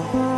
Thank you.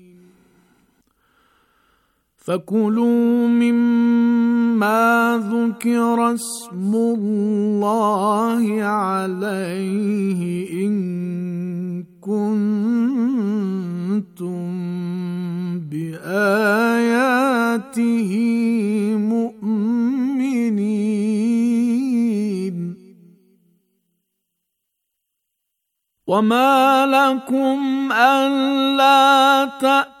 فكلوا مما ذكر اسم الله عليه ان كنتم باياته مؤمنين وما لكم الا تاتوا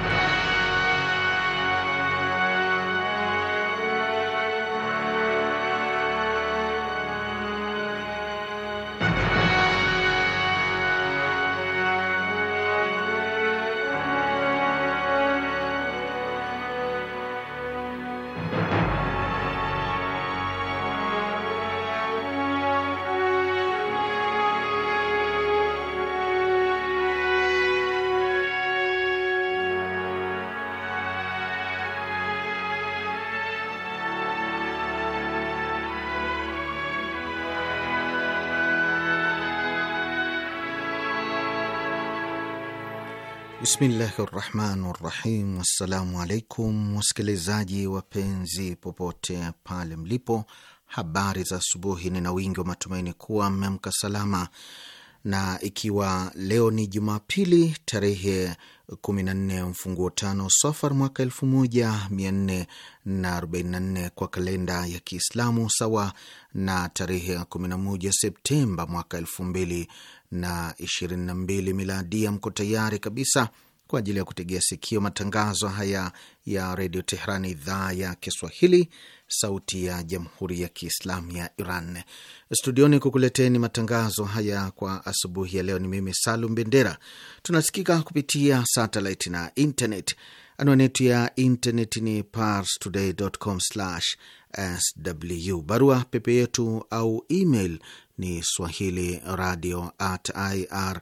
Bismillahi rahmani rahim. Wassalamu alaikum wasikilizaji wapenzi, popote pale mlipo, habari za asubuhi. Nina wingi wa matumaini kuwa mmeamka salama na ikiwa leo ni Jumapili tarehe 14 mfunguo tano Safar mwaka 1444 kwa kalenda ya Kiislamu, sawa na tarehe 11 Septemba mwaka 2022 miladia, mko tayari kabisa kwa ajili ya kutegea sikio matangazo haya ya redio Teherani, idhaa ya Kiswahili, sauti ya jamhuri ya kiislamu ya Iran. Studioni kukuleteni matangazo haya kwa asubuhi ya leo ni mimi Salum Bendera. Tunasikika kupitia satelit na internet. Anwani yetu ya internet ni parstoday.com/sw. Barua pepe yetu au email ni swahili radio at ir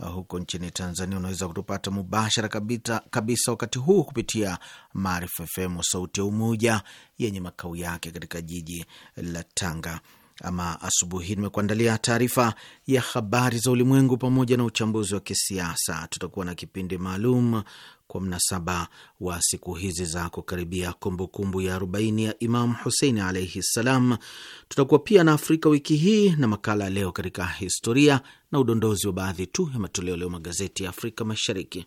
Uh, huko nchini Tanzania, unaweza kutupata mubashara kabisa, kabisa wakati huu kupitia Maarifa FM sauti ya Umoja yenye makao yake katika jiji la Tanga. Ama asubuhi hii nimekuandalia taarifa ya habari za ulimwengu pamoja na uchambuzi wa kisiasa. Tutakuwa na kipindi maalum kwa mnasaba wa siku hizi za kukaribia kumbukumbu ya 40 ya Imam Husein alaihi ssalam. Tutakuwa pia na Afrika wiki hii na makala ya leo katika historia na udondozi wa baadhi tu ya matoleo leo magazeti ya Afrika Mashariki.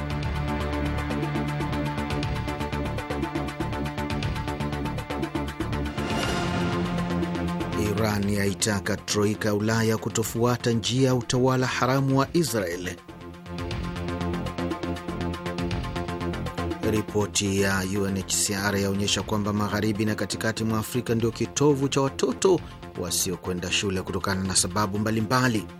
Iran yaitaka troika ya Ulaya kutofuata njia ya utawala haramu wa Israel. Ripoti ya UNHCR yaonyesha kwamba magharibi na katikati mwa Afrika ndio kitovu cha watoto wasiokwenda shule kutokana na sababu mbalimbali mbali.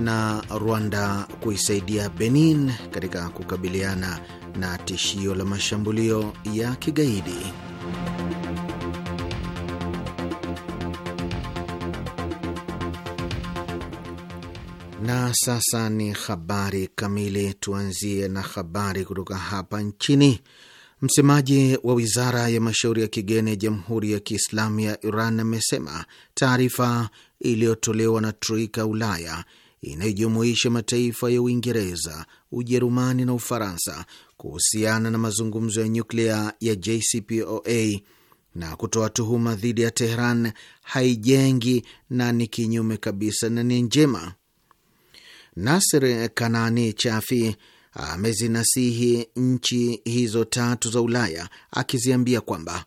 na Rwanda kuisaidia Benin katika kukabiliana na tishio la mashambulio ya kigaidi. Na sasa ni habari kamili. Tuanzie na habari kutoka hapa nchini. Msemaji wa wizara ya mashauri ya kigeni ya Jamhuri ya Kiislamu ya Iran amesema taarifa iliyotolewa na troika Ulaya inayojumuisha mataifa ya Uingereza, Ujerumani na Ufaransa kuhusiana na mazungumzo ya nyuklia ya JCPOA na kutoa tuhuma dhidi ya Tehran haijengi na ni kinyume kabisa na ni njema. Nasir Kanani Chafi amezinasihi nchi hizo tatu za Ulaya akiziambia kwamba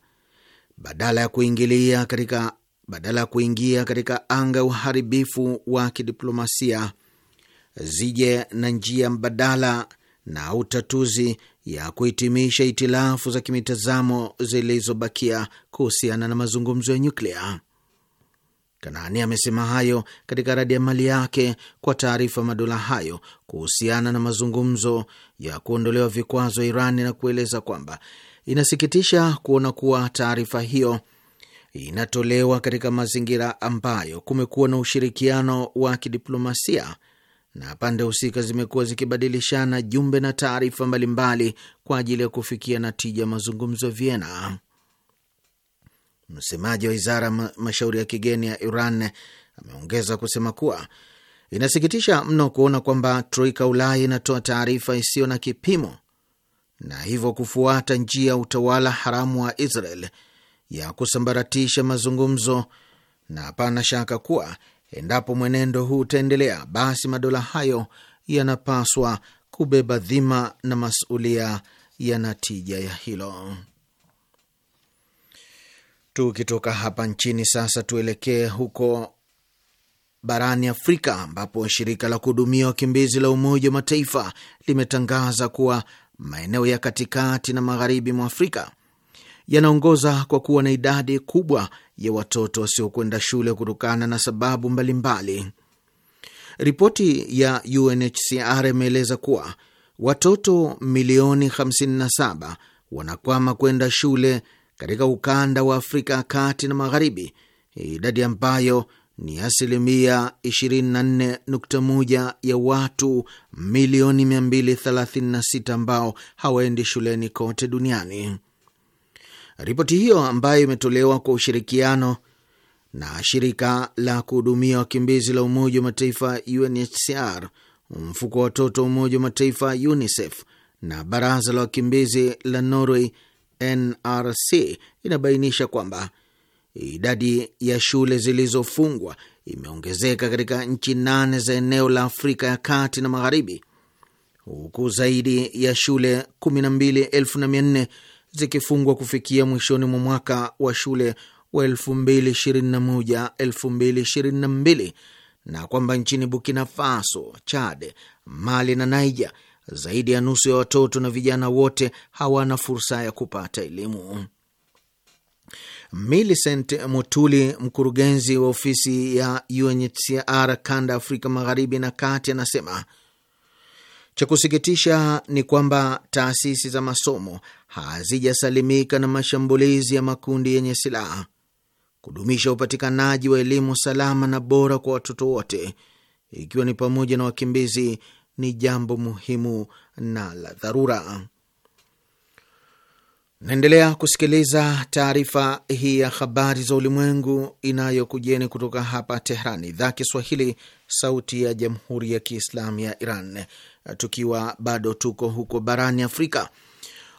badala ya kuingilia katika badala ya kuingia katika anga ya uharibifu wa kidiplomasia zije na njia mbadala na utatuzi ya kuhitimisha itilafu za kimitazamo zilizobakia kuhusiana na mazungumzo ya nyuklia. Kanaani amesema hayo katika radi ya mali yake kwa taarifa madola hayo kuhusiana na mazungumzo ya kuondolewa vikwazo Irani na kueleza kwamba inasikitisha kuona kuwa taarifa hiyo inatolewa katika mazingira ambayo kumekuwa na ushirikiano wa kidiplomasia na pande husika zimekuwa zikibadilishana jumbe na taarifa mbalimbali kwa ajili ya kufikia natija mazungumzo ya Vienna. Msemaji wa wizara ya mashauri ya kigeni ya Iran ameongeza kusema kuwa inasikitisha mno kuona kwamba troika Ulaya inatoa taarifa isiyo na kipimo na hivyo kufuata njia ya utawala haramu wa Israel ya kusambaratisha mazungumzo, na hapana shaka kuwa endapo mwenendo huu utaendelea, basi madola hayo yanapaswa kubeba dhima na masulia ya natija ya hilo. Tukitoka hapa nchini sasa, tuelekee huko barani Afrika ambapo shirika la kuhudumia wakimbizi la Umoja wa Mataifa limetangaza kuwa maeneo ya katikati na magharibi mwa Afrika yanaongoza kwa kuwa na idadi kubwa ya watoto wasiokwenda shule kutokana na sababu mbalimbali. Ripoti ya UNHCR imeeleza kuwa watoto milioni 57 wanakwama kwenda shule katika ukanda wa Afrika kati na magharibi, idadi ambayo ni asilimia 24.1 ya watu milioni 236 ambao hawaendi shuleni kote duniani. Ripoti hiyo ambayo imetolewa kwa ushirikiano na shirika la kuhudumia wakimbizi la Umoja wa Mataifa UNHCR, mfuko wa watoto wa Umoja wa Mataifa UNICEF na baraza la wakimbizi la Norway NRC inabainisha kwamba idadi ya shule zilizofungwa imeongezeka katika nchi nane za eneo la Afrika ya kati na magharibi huku zaidi ya shule 12,400 zikifungwa kufikia mwishoni mwa mwaka wa shule wa 2021/2022 na kwamba nchini Burkina Faso, Chad, Mali na Niger zaidi ya nusu ya watoto na vijana wote hawana fursa ya kupata elimu. Millicent Mutuli, mkurugenzi wa ofisi ya UNHCR kanda Afrika magharibi na kati, anasema cha kusikitisha ni kwamba taasisi za masomo hazijasalimika na mashambulizi ya makundi yenye silaha. Kudumisha upatikanaji wa elimu salama na bora kwa watoto wote, ikiwa ni pamoja na wakimbizi ni jambo muhimu na la dharura. Naendelea kusikiliza taarifa hii ya habari za ulimwengu inayokujeni kutoka hapa Tehrani, idhaa Kiswahili, sauti ya jamhuri ya kiislamu ya Iran. Tukiwa bado tuko huko barani Afrika,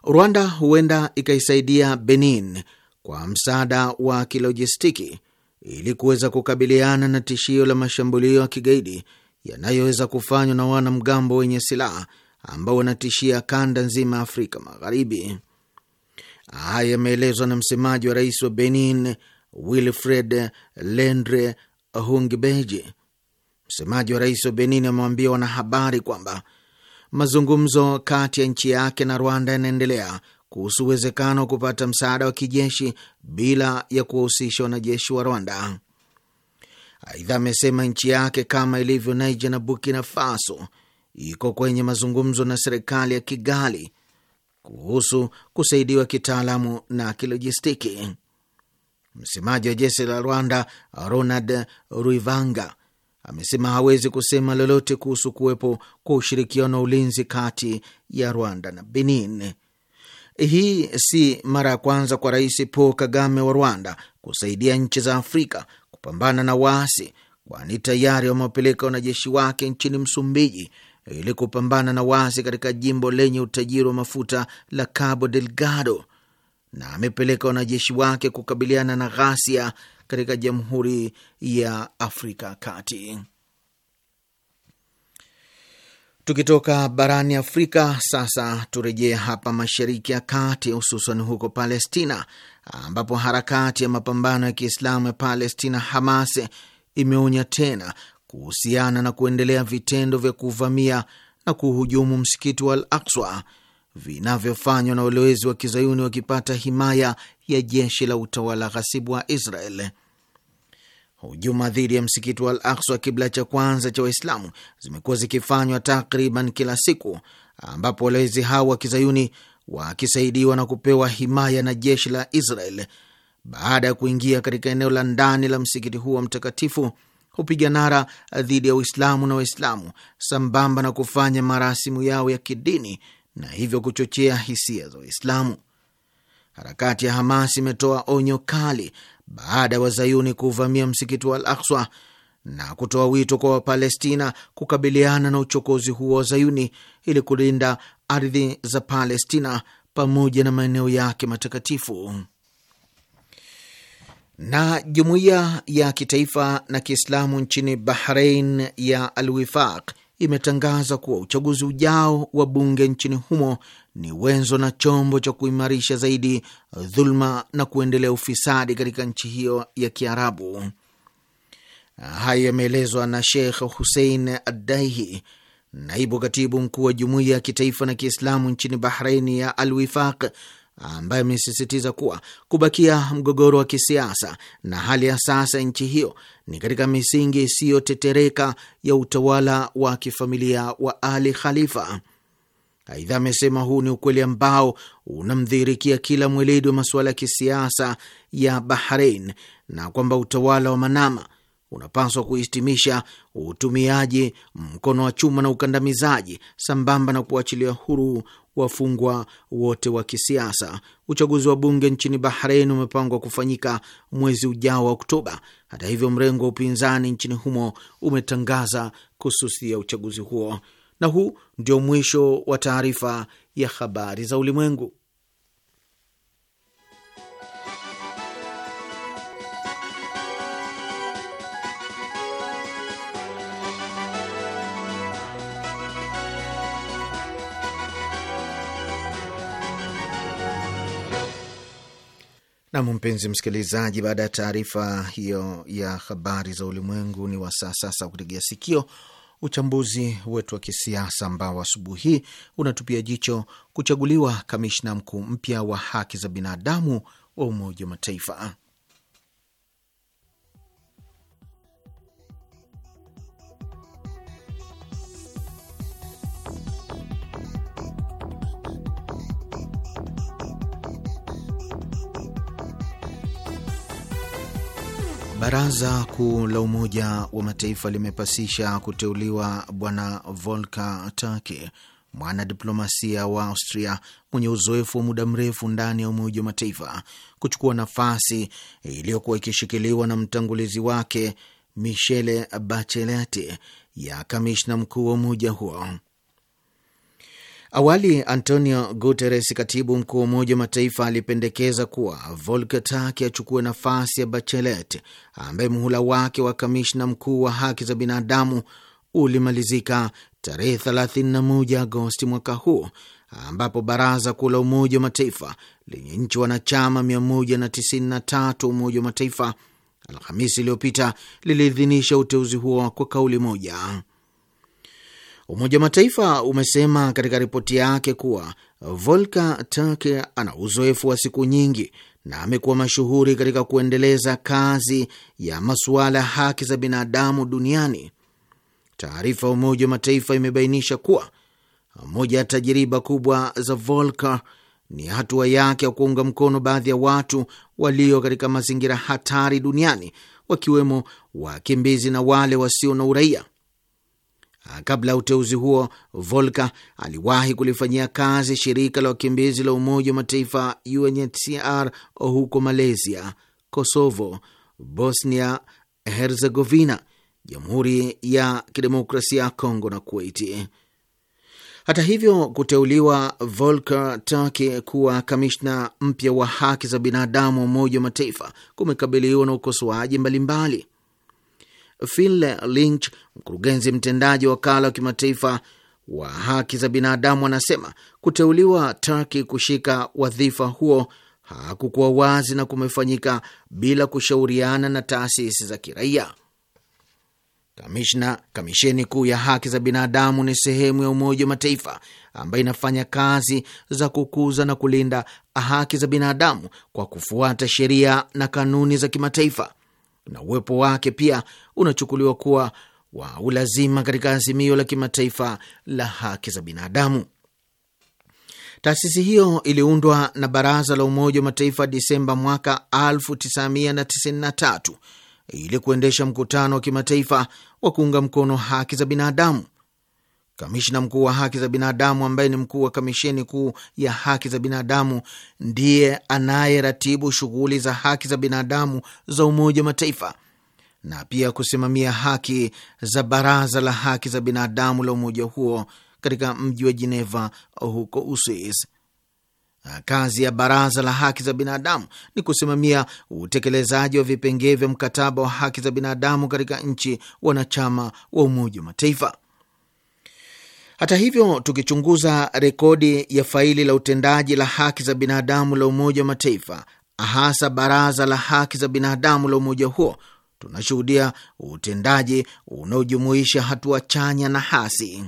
Rwanda huenda ikaisaidia Benin kwa msaada wa kilojistiki ili kuweza kukabiliana na tishio la mashambulio ya kigaidi yanayoweza kufanywa na wanamgambo wenye silaha ambao wanatishia kanda nzima ya Afrika Magharibi. Haya yameelezwa na msemaji wa rais wa Benin, Wilfred Lendre Hungbeji. Msemaji wa rais wa Benin amewaambia wanahabari kwamba mazungumzo kati ya nchi yake na Rwanda yanaendelea kuhusu uwezekano wa kupata msaada wa kijeshi bila ya kuwahusisha wanajeshi wa Rwanda. Aidha, amesema nchi yake kama ilivyo Niger na Burkina Faso iko kwenye mazungumzo na serikali ya Kigali kuhusu kusaidiwa kitaalamu na kilojistiki. Msemaji wa jeshi la Rwanda Ronald Ruivanga amesema hawezi kusema lolote kuhusu kuwepo kwa ushirikiano wa ulinzi kati ya Rwanda na Benin. Hii si mara ya kwanza kwa Rais Paul Kagame wa Rwanda kusaidia nchi za Afrika kupambana na waasi, kwani tayari wamewapeleka wanajeshi wake nchini Msumbiji ili kupambana na waasi katika jimbo lenye utajiri wa mafuta la Cabo Delgado, na amepeleka wanajeshi wake kukabiliana na ghasia katika Jamhuri ya Afrika Kati. Tukitoka barani Afrika sasa, turejee hapa Mashariki ya Kati, hususan huko Palestina ambapo harakati ya mapambano ya Kiislamu ya Palestina Hamas imeonya tena kuhusiana na kuendelea vitendo vya kuvamia na kuhujumu msikiti wa Al Akswa vinavyofanywa na walowezi wa kizayuni wakipata himaya ya jeshi la utawala ghasibu wa Israel. Hujuma dhidi ya msikiti wa Al Aksa, kibla cha kwanza cha Waislamu, zimekuwa zikifanywa takriban kila siku, ambapo walowezi hao wa kizayuni wakisaidiwa na kupewa himaya na jeshi la Israel, baada ya kuingia katika eneo la ndani la msikiti huo mtakatifu hupiga nara dhidi ya Uislamu na Waislamu sambamba na kufanya marasimu yao ya kidini na hivyo kuchochea hisia za Waislamu. Harakati ya Hamas imetoa onyo kali baada ya wazayuni kuuvamia msikiti wa Al Akswa na kutoa wito kwa Wapalestina kukabiliana na uchokozi huo wa zayuni ili kulinda ardhi za Palestina pamoja na maeneo yake matakatifu. Na jumuiya ya kitaifa na Kiislamu nchini bahrein ya Alwifaq imetangaza kuwa uchaguzi ujao wa bunge nchini humo ni wenzo na chombo cha kuimarisha zaidi dhuluma na kuendelea ufisadi katika nchi hiyo ya Kiarabu. Hayo yameelezwa na Sheikh Hussein adaihi naibu katibu mkuu wa jumuiya ya kitaifa na Kiislamu nchini Bahreini ya Alwifaq ambaye amesisitiza kuwa kubakia mgogoro wa kisiasa na hali ya sasa ya nchi hiyo ni katika misingi isiyotetereka ya utawala wa kifamilia wa Ali Khalifa. Aidha, amesema huu ni ukweli ambao unamdhihirikia kila mweledi wa masuala ya kisiasa ya bahrein na kwamba utawala wa Manama unapaswa kuhitimisha utumiaji mkono wa chuma na ukandamizaji sambamba na kuachilia huru wafungwa wote wa kisiasa. Uchaguzi wa bunge nchini Bahrein umepangwa kufanyika mwezi ujao wa Oktoba. Hata hivyo, mrengo wa upinzani nchini humo umetangaza kususia uchaguzi huo. Na huu ndio mwisho wa taarifa ya habari za ulimwengu. Nam, mpenzi msikilizaji, baada ya taarifa hiyo ya habari za ulimwengu, ni wasaa sasa kutegea sikio uchambuzi wetu wa kisiasa ambao asubuhi hii unatupia jicho kuchaguliwa kamishna mkuu mpya wa haki za binadamu wa Umoja wa Mataifa. Baraza Kuu la Umoja wa Mataifa limepasisha kuteuliwa Bwana Volker Turk, mwanadiplomasia wa Austria mwenye uzoefu wa muda mrefu ndani ya Umoja wa Mataifa, kuchukua nafasi iliyokuwa ikishikiliwa na mtangulizi wake Michele Bachelet ya kamishna mkuu wa umoja huo. Awali Antonio Guterres, katibu mkuu wa Umoja wa Mataifa, alipendekeza kuwa Volker achukue nafasi ya Bachelet ambaye muhula wake wa kamishna mkuu wa haki za binadamu ulimalizika tarehe 31 Agosti mwaka huu, ambapo Baraza Kuu la Umoja wa Mataifa lenye nchi wanachama 193 Umoja wa Mataifa Alhamisi iliyopita liliidhinisha uteuzi huo kwa kauli moja. Umoja wa Mataifa umesema katika ripoti yake kuwa Volker Turk ana uzoefu wa siku nyingi na amekuwa mashuhuri katika kuendeleza kazi ya masuala ya haki za binadamu duniani. Taarifa ya Umoja wa Mataifa imebainisha kuwa moja ya tajiriba kubwa za Volker ni hatua yake ya kuunga mkono baadhi ya watu walio katika mazingira hatari duniani, wakiwemo wakimbizi na wale wasio na uraia. Ah, kabla ya uteuzi huo, Volker aliwahi kulifanyia kazi shirika la wakimbizi la Umoja wa Mataifa UNHCR huko Malaysia, Kosovo, Bosnia Herzegovina, Jamhuri ya Kidemokrasia ya Kongo na Kuwaiti. Hata hivyo, kuteuliwa Volker Turk kuwa kamishna mpya wa haki za binadamu wa Umoja wa Mataifa kumekabiliwa na ukosoaji mbalimbali. Finle Lynch, mkurugenzi mtendaji wa wakala wa kimataifa wa haki za binadamu, anasema kuteuliwa Turkey kushika wadhifa huo hakukuwa wazi na kumefanyika bila kushauriana na taasisi za kiraia. Kamishna kamisheni kuu ya haki za binadamu ni sehemu ya Umoja wa Mataifa ambayo inafanya kazi za kukuza na kulinda haki za binadamu kwa kufuata sheria na kanuni za kimataifa na uwepo wake pia unachukuliwa kuwa wa ulazima katika azimio la kimataifa la haki za binadamu. Taasisi hiyo iliundwa na Baraza la Umoja wa Mataifa Disemba mwaka 1993 ili kuendesha mkutano wa kimataifa wa kuunga mkono haki za binadamu Kamishna mkuu wa haki za binadamu ambaye ni mkuu wa kamisheni kuu ya haki za binadamu ndiye anayeratibu shughuli za haki za binadamu za Umoja wa Mataifa na pia kusimamia haki za Baraza la Haki za Binadamu la umoja huo katika mji wa jineva huko Uswisi. Kazi ya Baraza la Haki za Binadamu ni kusimamia utekelezaji wa vipengee vya mkataba wa haki za binadamu katika nchi wanachama wa Umoja wa Mataifa. Hata hivyo, tukichunguza rekodi ya faili la utendaji la haki za binadamu la Umoja wa Mataifa, hasa Baraza la Haki za Binadamu la umoja huo, tunashuhudia utendaji unaojumuisha hatua chanya na hasi.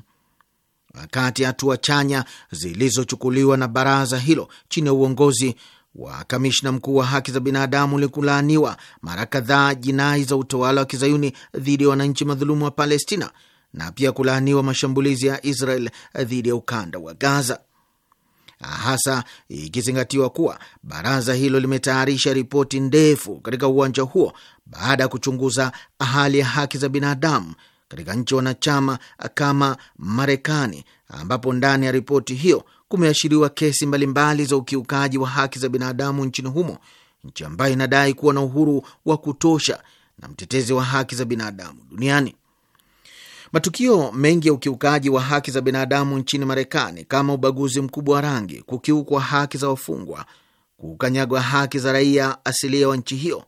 Kati ya hatua chanya zilizochukuliwa na baraza hilo chini ya uongozi wa kamishna mkuu wa haki za binadamu ulikulaaniwa mara kadhaa jinai za utawala wa kizayuni dhidi ya wananchi madhulumu wa Palestina na pia kulaaniwa mashambulizi ya Israel dhidi ya ukanda wa Gaza, hasa ikizingatiwa kuwa baraza hilo limetayarisha ripoti ndefu katika uwanja huo baada ya kuchunguza hali ya haki za binadamu katika nchi wanachama kama Marekani, ambapo ndani ya ripoti hiyo kumeashiriwa kesi mbalimbali za ukiukaji wa haki za binadamu nchini humo, nchi ambayo inadai kuwa na uhuru wa kutosha na mtetezi wa haki za binadamu duniani. Matukio mengi ya ukiukaji wa haki za binadamu nchini Marekani kama ubaguzi mkubwa wa rangi, kukiukwa haki za wafungwa, kukanyagwa haki za raia asilia wa nchi hiyo,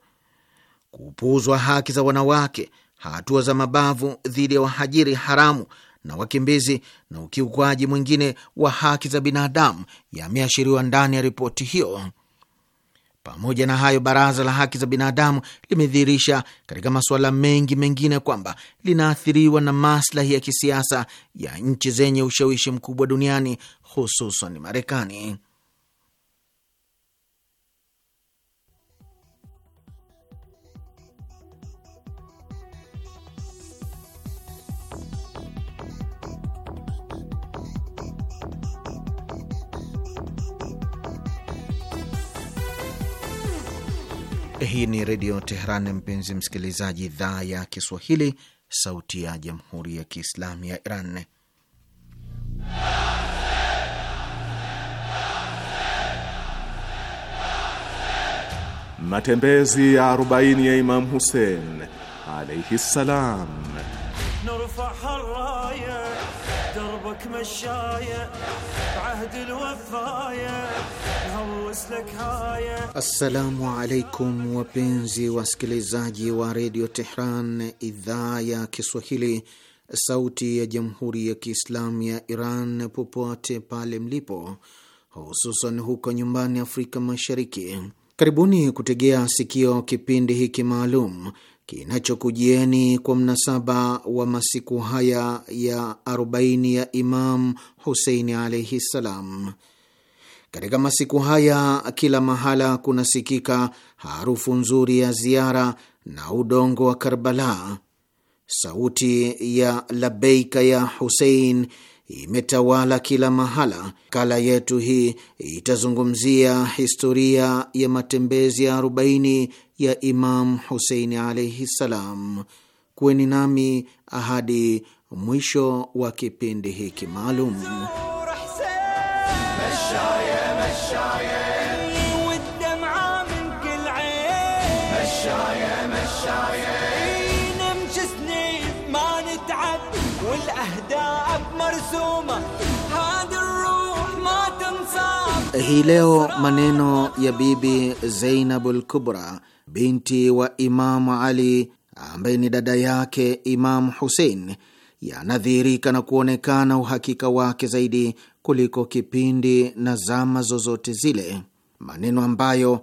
kupuuzwa haki za wanawake, hatua za mabavu dhidi ya wahajiri haramu na wakimbizi na ukiukwaji mwingine wa haki za binadamu yameashiriwa ndani ya ripoti hiyo. Pamoja na hayo, baraza la haki za binadamu limedhihirisha katika masuala mengi mengine kwamba linaathiriwa na maslahi ya kisiasa ya nchi zenye ushawishi mkubwa duniani hususan Marekani. Hii ni Redio Teheran, mpenzi msikilizaji, idhaa ya Kiswahili, sauti ya jamhuri ya kiislamu ya Iran. Matembezi ya arobaini ya Imam husen alaihi ssalam. لك مشاية بعهد الوفاية نهوس لك هاية. السلام عليكم wapenzi واسكليزاجي wa redio إذا idhaa ya Kiswahili, sauti ya jamhuri ya Kiislamu ya Iran, popote pale mlipo, hususan huko nyumbani Afrika Mashariki. Karibuni kutegea sikio kipindi hiki maalum kinachokujieni kwa mnasaba wa masiku haya ya 40 ya Imam Huseini alaihi ssalam. Katika masiku haya kila mahala kunasikika harufu nzuri ya ziara na udongo wa Karbala. Sauti ya labeika ya Husein imetawala kila mahala. Kala yetu hii itazungumzia historia ya matembezi ya arobaini ya Imam Huseini alaihi ssalam. Kuweni nami ahadi mwisho wa kipindi hiki maalum. Hii leo maneno ya Bibi Zainabul Kubra binti wa Imamu Ali ambaye ni dada yake Imamu Husein yanadhihirika na kuonekana uhakika wake zaidi kuliko kipindi na zama zozote zile. Maneno ambayo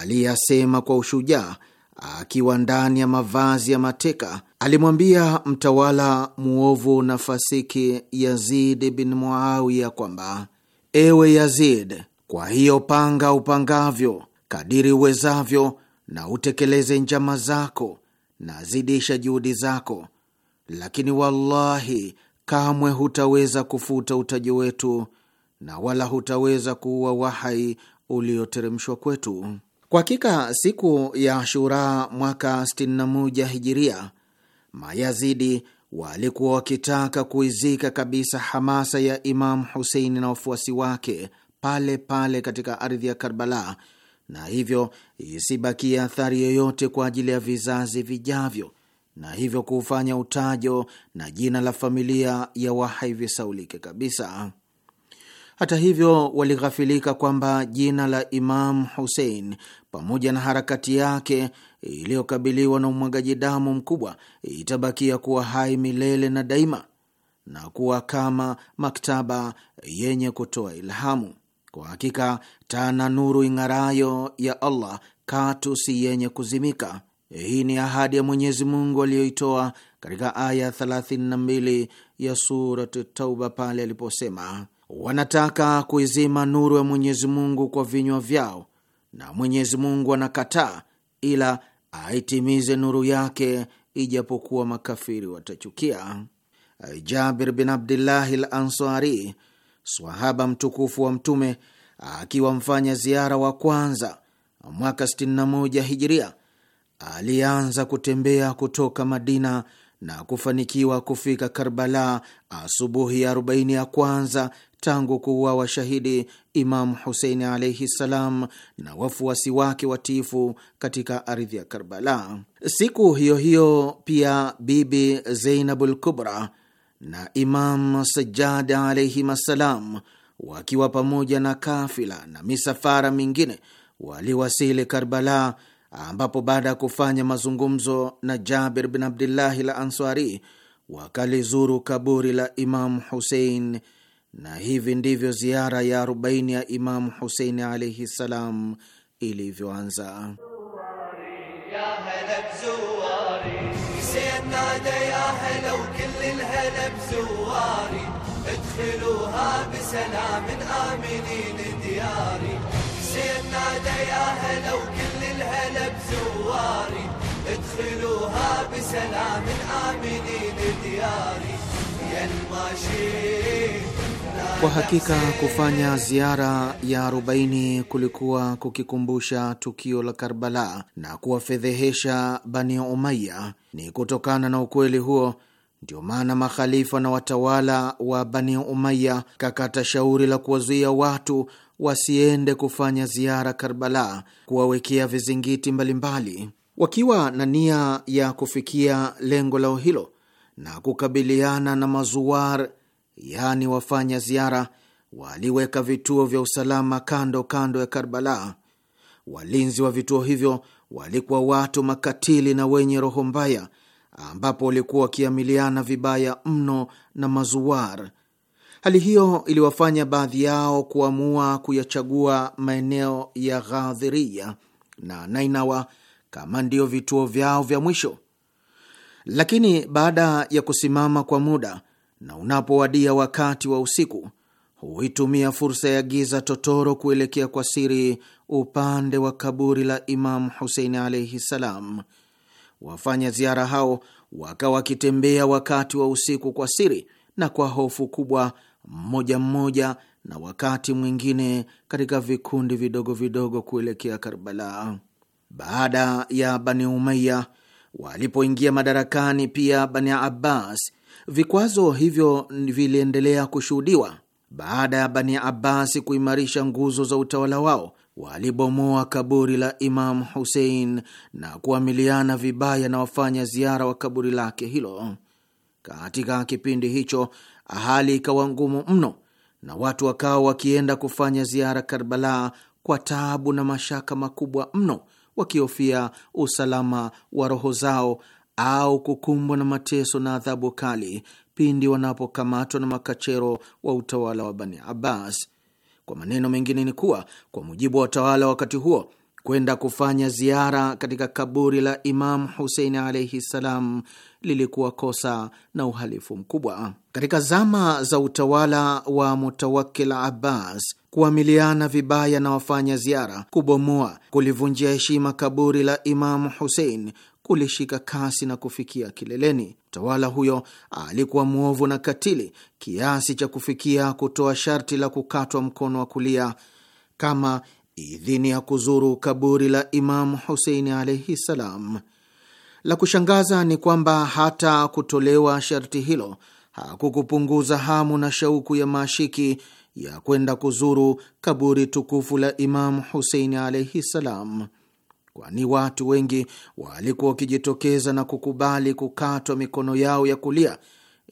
aliyasema kwa ushujaa akiwa ndani ya mavazi ya mateka, alimwambia mtawala mwovu na fasiki Yazid bin Muawiya kwamba ewe Yazid, kwa hiyo panga upangavyo kadiri uwezavyo na utekeleze njama zako na zidisha juhudi zako, lakini wallahi kamwe hutaweza kufuta utaji wetu na wala hutaweza kuua wahai ulioteremshwa kwetu. Kwa hakika siku ya Ashura mwaka 61 hijiria, Mayazidi walikuwa wakitaka kuizika kabisa hamasa ya Imamu Huseini na wafuasi wake pale pale katika ardhi ya Karbala na hivyo isibakie athari yoyote kwa ajili ya vizazi vijavyo, na hivyo kuufanya utajo na jina la familia ya Wahai visaulike kabisa. Hata hivyo, walighafilika kwamba jina la Imam Husein pamoja na harakati yake iliyokabiliwa na umwagaji damu mkubwa itabakia kuwa hai milele na daima na kuwa kama maktaba yenye kutoa ilhamu. Kwa hakika taa na nuru ing'arayo ya Allah katu si yenye kuzimika. Hii ni ahadi ya Mwenyezi Mungu aliyoitoa katika aya 32 ya Surat Tauba pale aliposema, wanataka kuizima nuru ya Mwenyezi Mungu kwa vinywa vyao na Mwenyezi Mungu anakataa ila aitimize nuru yake ijapokuwa makafiri watachukia. Jabir bin Abdillahi al Ansari swahaba mtukufu wa Mtume akiwa mfanya ziara wa kwanza mwaka 61 Hijiria, alianza kutembea kutoka Madina na kufanikiwa kufika Karbala asubuhi ya 40 ya kwanza tangu kuwa shahidi Imamu Huseini alaihi ssalam na wafuasi wake watiifu katika ardhi ya Karbala. Siku hiyo hiyo pia Bibi zeinabu Kubra na Imam Sajjad alaihim assalam, wakiwa pamoja na kafila na misafara mingine waliwasili Karbala, ambapo baada ya kufanya mazungumzo na Jabir bin Abdillahi la Ansari wakalizuru kaburi la Imamu Husein, na hivi ndivyo ziara ya 40 ya Imamu Husein alaihi ssalam ilivyoanza. زواري ادخلوها بسلام دياري نادى يا هلا وكل الهلا بزواري ادخلوها بسلام دياري يا الماشي Kwa hakika kufanya ziara ya arobaini kulikuwa kukikumbusha tukio la Karbala na kuwafedhehesha Bani Umaya. Ni kutokana na ukweli huo ndio maana makhalifa na watawala wa Bani Umaya kakata shauri la kuwazuia watu wasiende kufanya ziara Karbala, kuwawekea vizingiti mbalimbali, wakiwa na nia ya kufikia lengo lao hilo na kukabiliana na mazuwar, yaani wafanya ziara. Waliweka vituo vya usalama kando kando ya Karbala. Walinzi wa vituo hivyo walikuwa watu makatili na wenye roho mbaya ambapo walikuwa wakiamiliana vibaya mno na mazuwar. Hali hiyo iliwafanya baadhi yao kuamua kuyachagua maeneo ya Ghadhiria na Nainawa kama ndiyo vituo vyao vya mwisho, lakini baada ya kusimama kwa muda na unapowadia wakati wa usiku huitumia fursa ya giza totoro kuelekea kwa siri upande wa kaburi la Imamu Husein alaihi salam Wafanya ziara hao wakawa wakitembea wakati wa usiku kwa siri na kwa hofu kubwa, mmoja mmoja, na wakati mwingine katika vikundi vidogo vidogo kuelekea Karbala. Baada ya Bani Umayya walipoingia madarakani, pia Bani Abbas, vikwazo hivyo viliendelea kushuhudiwa. Baada ya Bani Abbas kuimarisha nguzo za utawala wao walibomoa kaburi la Imamu Husein na kuamiliana vibaya na wafanya ziara wa kaburi lake hilo. Katika kipindi hicho hali ikawa ngumu mno, na watu wakawa wakienda kufanya ziara Karbala kwa taabu na mashaka makubwa mno, wakihofia usalama wa roho zao au kukumbwa na mateso na adhabu kali pindi wanapokamatwa na makachero wa utawala wa Bani Abbas. Kwa maneno mengine ni kuwa, kwa mujibu wa utawala wakati huo, kwenda kufanya ziara katika kaburi la Imamu Husein alaihi ssalam lilikuwa kosa na uhalifu mkubwa. Katika zama za utawala wa Mutawakil Abbas, kuamiliana vibaya na wafanya ziara, kubomoa, kulivunjia heshima kaburi la Imamu Husein kulishika kasi na kufikia kileleni. Mtawala huyo alikuwa mwovu na katili kiasi cha kufikia kutoa sharti la kukatwa mkono wa kulia kama idhini ya kuzuru kaburi la Imamu Huseini alaihi ssalam. La kushangaza ni kwamba hata kutolewa sharti hilo hakukupunguza hamu na shauku ya maashiki ya kwenda kuzuru kaburi tukufu la Imamu Huseini alaihi salam kwani watu wengi walikuwa wakijitokeza na kukubali kukatwa mikono yao ya kulia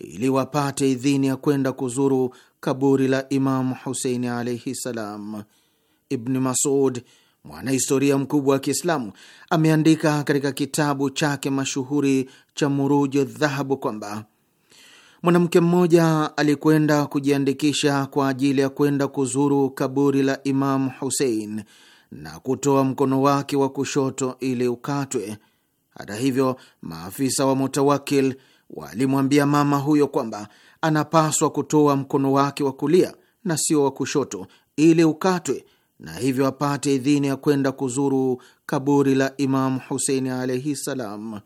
ili wapate idhini ya kwenda kuzuru kaburi la Imamu Huseini alaihi salam. Ibni Masud, mwanahistoria mkubwa wa Kiislamu, ameandika katika kitabu chake mashuhuri cha Murujo Dhahabu kwamba mwanamke mmoja alikwenda kujiandikisha kwa ajili ya kwenda kuzuru kaburi la Imamu Husein na kutoa mkono wake wa kushoto ili ukatwe. Hata hivyo, maafisa wa Mutawakil walimwambia mama huyo kwamba anapaswa kutoa mkono wake wa kulia na sio wa kushoto ili ukatwe, na hivyo apate idhini ya kwenda kuzuru kaburi la Imamu Huseini alaihi salam.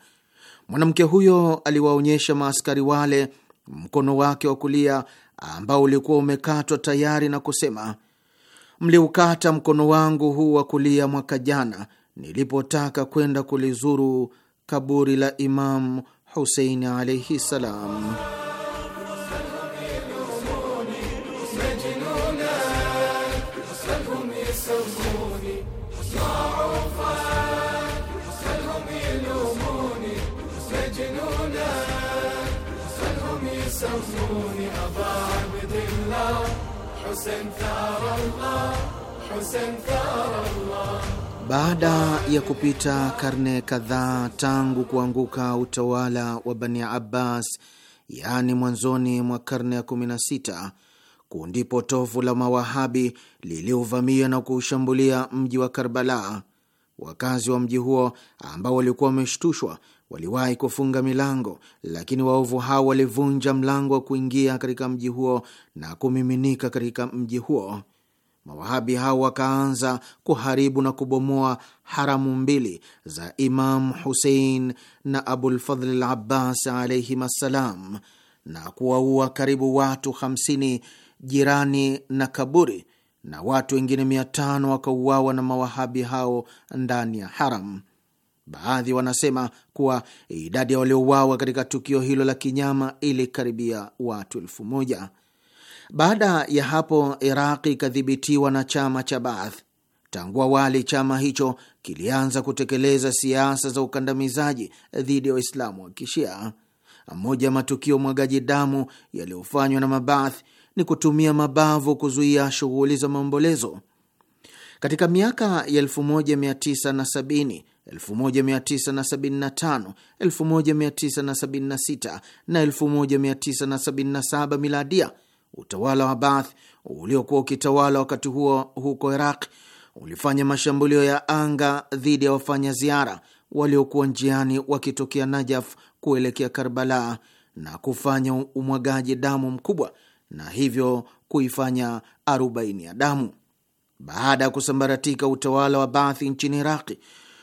Mwanamke huyo aliwaonyesha maaskari wale mkono wake wa kulia ambao ulikuwa umekatwa tayari na kusema mliukata mkono wangu huu wa kulia mwaka jana nilipotaka kwenda kulizuru kaburi la Imamu Huseini alaihi salam. Hussein Allah, Hussein Allah. Baada ya kupita karne kadhaa tangu kuanguka utawala wa Bani Abbas, yaani mwanzoni mwa karne ya 16, kundi potofu la Mawahabi liliuvamia na kuushambulia mji wa Karbala. Wakazi wa mji huo ambao walikuwa wameshtushwa Waliwahi kufunga milango, lakini waovu hao walivunja mlango wa kuingia katika mji huo na kumiminika katika mji huo. Mawahabi hao wakaanza kuharibu na kubomoa haramu mbili za Imamu Husein na Abulfadli l Abbas alaihim assalam, na kuwaua karibu watu 50 jirani na kaburi, na watu wengine mia tano wakauawa na mawahabi hao ndani ya haram. Baadhi wanasema kuwa idadi ya waliouawa katika tukio hilo la kinyama ilikaribia watu elfu moja. Baada ya hapo, iraq ikadhibitiwa na chama cha Baath. Tangu awali chama hicho kilianza kutekeleza siasa za ukandamizaji dhidi ya Waislamu wa Kishia. Moja ya matukio mwagaji damu yaliyofanywa na Mabath ni kutumia mabavu kuzuia shughuli za maombolezo. Katika miaka ya 1970 1975, 1976 na 1977 miladia. Utawala wa Baath uliokuwa ukitawala wakati huo huko Iraq ulifanya mashambulio ya anga dhidi ya wafanya ziara waliokuwa njiani wakitokea Najaf kuelekea Karbala na kufanya umwagaji damu mkubwa na hivyo kuifanya arobaini ya damu. Baada ya kusambaratika utawala wa Baathi nchini Iraqi,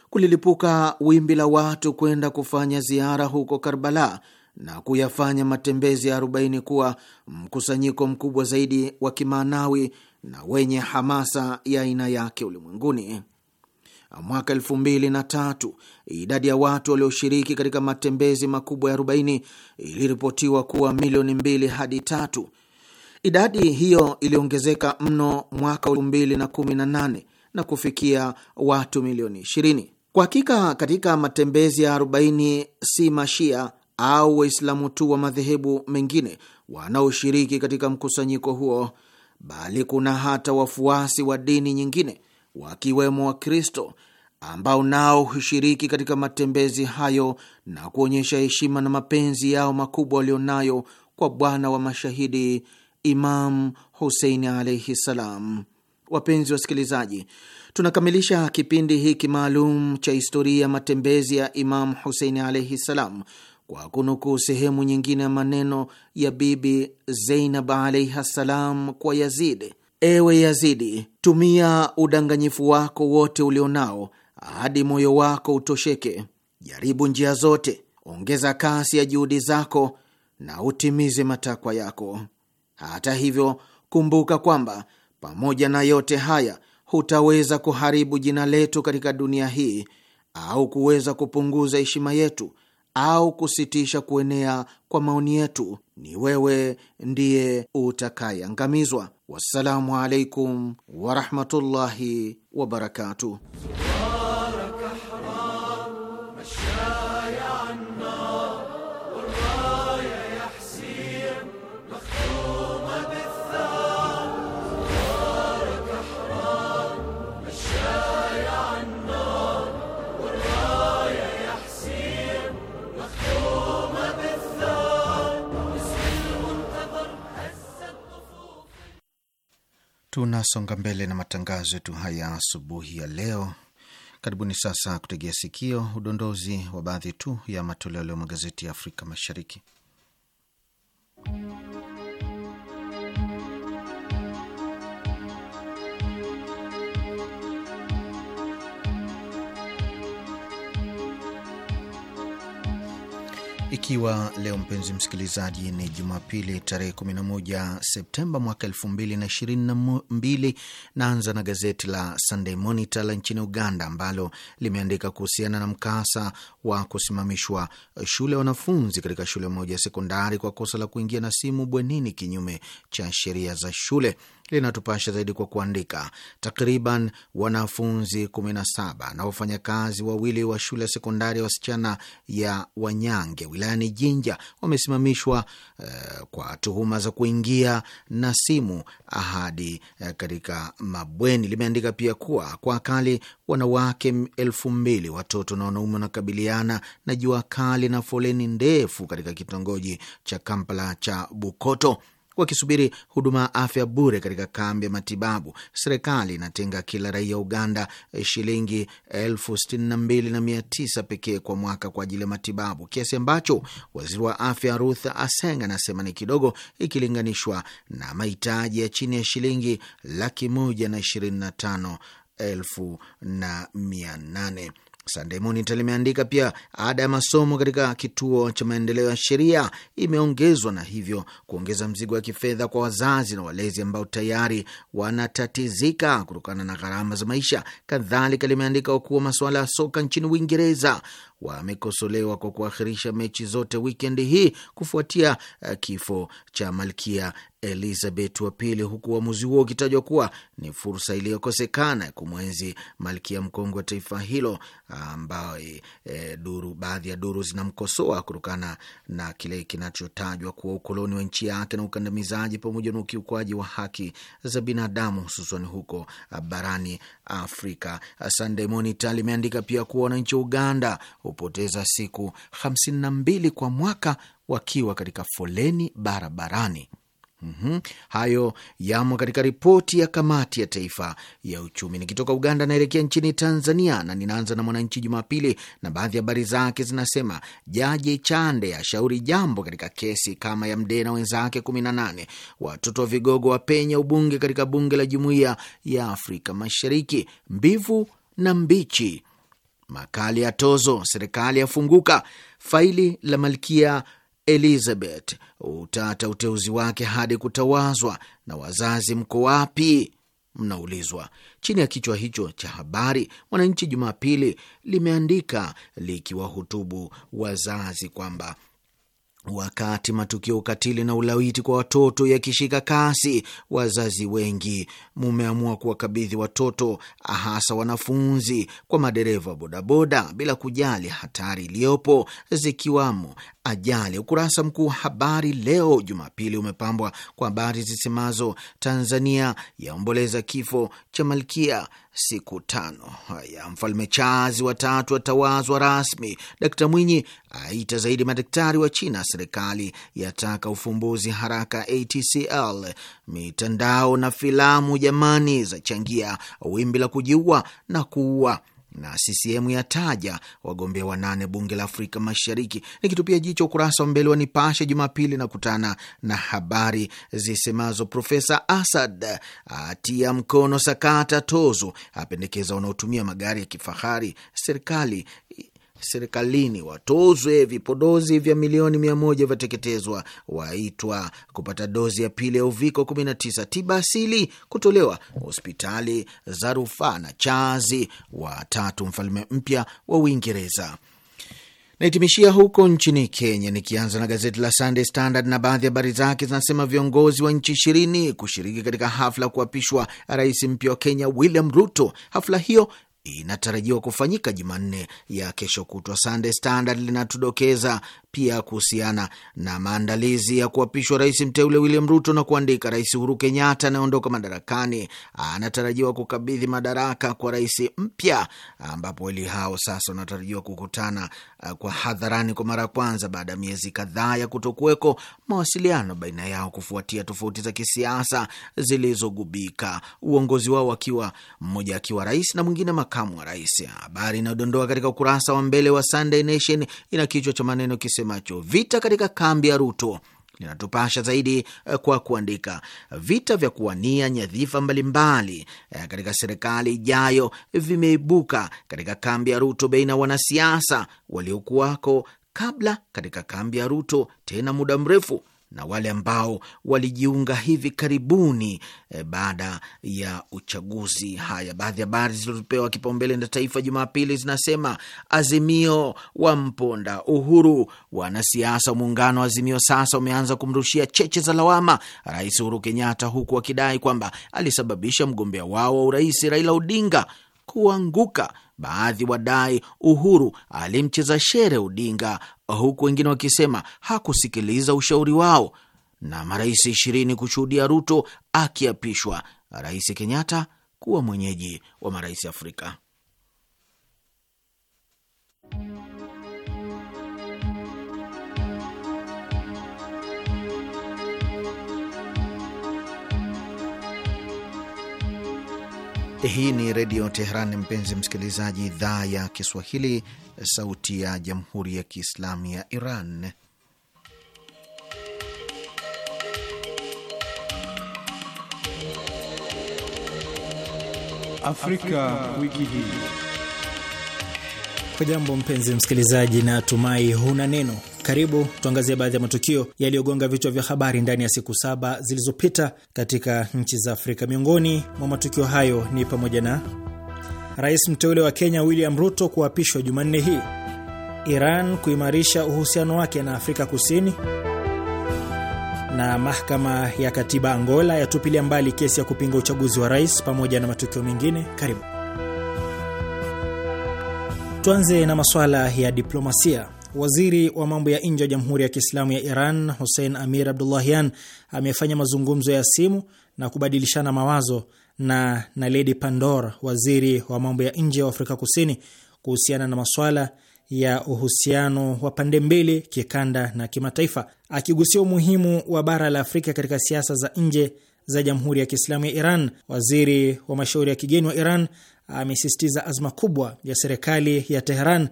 kulilipuka wimbi la watu kwenda kufanya ziara huko Karbala na kuyafanya matembezi ya 40 kuwa mkusanyiko mkubwa zaidi wa kimaanawi na wenye hamasa ya aina yake ulimwenguni. Mwaka elfu mbili na tatu idadi ya watu walioshiriki katika matembezi makubwa ya 40 iliripotiwa kuwa milioni mbili hadi tatu. Idadi hiyo iliongezeka mno mwaka elfu mbili na kumi na nane na kufikia watu milioni 20. Kwa hakika katika matembezi ya 40 si mashia au Waislamu tu wa madhehebu mengine wanaoshiriki katika mkusanyiko huo, bali kuna hata wafuasi wa dini nyingine wakiwemo Wakristo ambao nao hushiriki katika matembezi hayo na kuonyesha heshima na mapenzi yao makubwa walionayo kwa bwana wa mashahidi Imam Huseini alaihi salam. Wapenzi wasikilizaji tunakamilisha kipindi hiki maalum cha historia ya matembezi ya Imamu Huseini alaihi ssalam kwa kunukuu sehemu nyingine ya maneno ya Bibi Zeinab alaihi ssalam kwa Yazidi: ewe Yazidi, tumia udanganyifu wako wote ulionao hadi moyo wako utosheke. Jaribu njia zote, ongeza kasi ya juhudi zako na utimize matakwa yako. Hata hivyo, kumbuka kwamba pamoja na yote haya hutaweza kuharibu jina letu katika dunia hii au kuweza kupunguza heshima yetu au kusitisha kuenea kwa maoni yetu. Ni wewe ndiye utakayeangamizwa. Wassalamu alaikum warahmatullahi wabarakatuh. Tunasonga mbele na matangazo yetu haya asubuhi ya leo. Karibuni sasa kutegea sikio udondozi wa baadhi tu ya matoleo leo magazeti ya Afrika Mashariki. Ikiwa leo mpenzi msikilizaji, ni Jumapili tarehe 11 Septemba mwaka mbili naanza na gazeti la Sunday Monitor la nchini Uganda ambalo limeandika kuhusiana na mkasa wa kusimamishwa shule wanafunzi katika shule moja ya sekondari kwa kosa la kuingia na simu bwenini kinyume cha sheria za shule linatupasha zaidi kwa kuandika, takriban wanafunzi 17 na wafanyakazi wawili wa shule ya sekondari ya wasichana ya Wanyange wilayani Jinja wamesimamishwa uh, kwa tuhuma za kuingia na simu ahadi uh, katika mabweni. Limeandika pia kuwa kwa akali wanawake elfu mbili watoto na wanaume wanakabiliana na jua kali na foleni ndefu katika kitongoji cha Kampala cha Bukoto wakisubiri huduma ya afya bure katika kambi ya matibabu. Serikali inatenga kila raia Uganda eh, shilingi elfu sitini na mbili na mia tisa pekee kwa mwaka kwa ajili ya matibabu, kiasi ambacho waziri wa afya Ruth Aseng anasema ni kidogo ikilinganishwa na mahitaji ya chini ya shilingi laki moja na ishirini na tano elfu na mia nane. Sunday Monitor limeandika pia ada ya masomo katika kituo cha maendeleo ya sheria imeongezwa na hivyo kuongeza mzigo wa kifedha kwa wazazi na walezi ambao tayari wanatatizika kutokana na gharama za maisha. Kadhalika limeandika wakuu wa masuala ya soka nchini Uingereza wamekosolewa kwa kuakhirisha mechi zote wikendi hii kufuatia eh, kifo cha malkia Elizabeth wa pili, huku uamuzi huo ukitajwa kuwa ni fursa iliyokosekana ya kumwenzi malkia mkongwe wa taifa hilo, ambayo e, eh, duru baadhi ya duru zinamkosoa kutokana na kile kinachotajwa kuwa ukoloni wa nchi yake na ukandamizaji pamoja na ukiukwaji wa haki za binadamu hususan huko ah, barani Afrika. Ah, Sunday Monitor limeandika pia kuwa wananchi wa Uganda hupoteza siku mbili kwa mwaka wakiwa katika foleni barabarani. Mm -hmm. Hayo yamo katika ripoti ya kamati ya taifa ya uchumi. Nikitoka Uganda naelekea nchini Tanzania na ninaanza na Mwananchi Jumapili, na baadhi ya habari zake zinasema Jaji Chande ashauri jambo katika kesi kama ya Mdee na wenzake 18, watoto wa vigogo wapenya ubunge katika bunge la Jumuiya ya Afrika Mashariki, mbivu na mbichi, makali ya tozo, serikali yafunguka, faili la Malkia Elizabeth utata uteuzi wake hadi kutawazwa, na wazazi mko wapi? Mnaulizwa. Chini ya kichwa hicho cha habari, Mwananchi Jumapili limeandika likiwahutubu wazazi kwamba Wakati matukio ukatili na ulawiti kwa watoto yakishika kasi, wazazi wengi mumeamua kuwakabidhi watoto, hasa wanafunzi, kwa madereva bodaboda bila kujali hatari iliyopo, zikiwamo ajali. Ukurasa mkuu wa habari leo Jumapili umepambwa kwa habari zisemazo Tanzania yaomboleza kifo cha malkia siku tano. Haya, mfalme chazi watatu atawazwa rasmi. Dkt Mwinyi aita zaidi madaktari wa China. Serikali yataka ufumbuzi haraka ATCL. Mitandao na filamu jamani, zachangia wimbi la kujiua na kuua na CCM yataja wagombea wanane bunge la Afrika Mashariki. Nikitupia jicho ukurasa wa mbele wa Nipashe Jumapili na kutana na habari zisemazo Profesa Asad atia mkono sakata tozo, apendekeza wanaotumia magari ya kifahari serikali serikalini watozwe vipodozi vya milioni mia moja vyateketezwa, waitwa kupata dozi ya pili ya uviko 19, tiba asili kutolewa hospitali za rufaa na Chazi. Watatu mfalme mpya wa Uingereza. Nahitimishia huko nchini Kenya, nikianza na gazeti la Sunday Standard na baadhi ya habari zake zinasema viongozi wa nchi ishirini kushiriki katika hafla ya kuapishwa rais mpya wa Kenya William Ruto. Hafla hiyo inatarajiwa kufanyika Jumanne ya kesho kutwa. Sunday Standard linatudokeza pia kuhusiana na maandalizi ya kuapishwa rais mteule William Ruto na kuandika Rais Uhuru Kenyatta anayeondoka madarakani anatarajiwa kukabidhi madaraka kwa rais mpya, ambapo wawili hao sasa wanatarajiwa kukutana uh, kwa hadharani kwa mara ya kwanza baada ya miezi kadhaa ya kutokuweko mawasiliano baina yao kufuatia tofauti za kisiasa zilizogubika uongozi wao, akiwa mmoja akiwa rais na mwingine makamu wa rais. Habari inayodondoa katika ukurasa wa mbele wa Sunday Nation ina kichwa cha maneno kisema kisemacho vita katika kambi ya Ruto linatupasha zaidi eh, kwa kuandika vita vya kuwania nyadhifa mbalimbali eh, katika serikali ijayo vimeibuka katika kambi ya Ruto baina ya wanasiasa waliokuwako kabla katika kambi ya Ruto tena muda mrefu na wale ambao walijiunga hivi karibuni e, baada ya uchaguzi. Haya, baadhi ya habari zilizopewa kipaumbele na Taifa Jumapili zinasema Azimio wa mponda Uhuru. Wanasiasa muungano wa Azimio sasa wameanza kumrushia cheche za lawama Rais Uhuru Kenyatta, huku wakidai kwamba alisababisha mgombea wao wa urais Raila Odinga kuanguka Baadhi wadai Uhuru alimcheza shere Odinga, huku wengine wakisema hakusikiliza ushauri wao. Na marais ishirini kushuhudia Ruto akiapishwa, Rais Kenyatta kuwa mwenyeji wa marais Afrika. Eh, hii ni Redio Teheran, mpenzi msikilizaji, idhaa ya Kiswahili, sauti ya Jamhuri ya Kiislamu ya Iran. Afrika wiki hii. Kwa jambo mpenzi msikilizaji, na tumai huna neno karibu tuangazie baadhi ya matukio yaliyogonga vichwa vya habari ndani ya siku saba zilizopita katika nchi za Afrika. Miongoni mwa matukio hayo ni pamoja na rais mteule wa Kenya William Ruto kuapishwa Jumanne hii, Iran kuimarisha uhusiano wake na Afrika Kusini, na mahakama ya katiba Angola yatupilia mbali kesi ya kupinga uchaguzi wa rais, pamoja na matukio mengine. Karibu tuanze na masuala ya diplomasia. Waziri wa mambo ya nje wa Jamhuri ya Kiislamu ya Iran Hussein Amir Abdullahian amefanya mazungumzo ya simu na kubadilishana mawazo na Naledi Pandor, waziri wa mambo ya nje wa Afrika Kusini, kuhusiana na maswala ya uhusiano wa pande mbili kikanda na kimataifa. Akigusia umuhimu wa bara la Afrika katika siasa za nje za Jamhuri ya Kiislamu ya Iran, waziri wa mashauri ya kigeni wa Iran amesisitiza azma kubwa ya serikali ya Teheran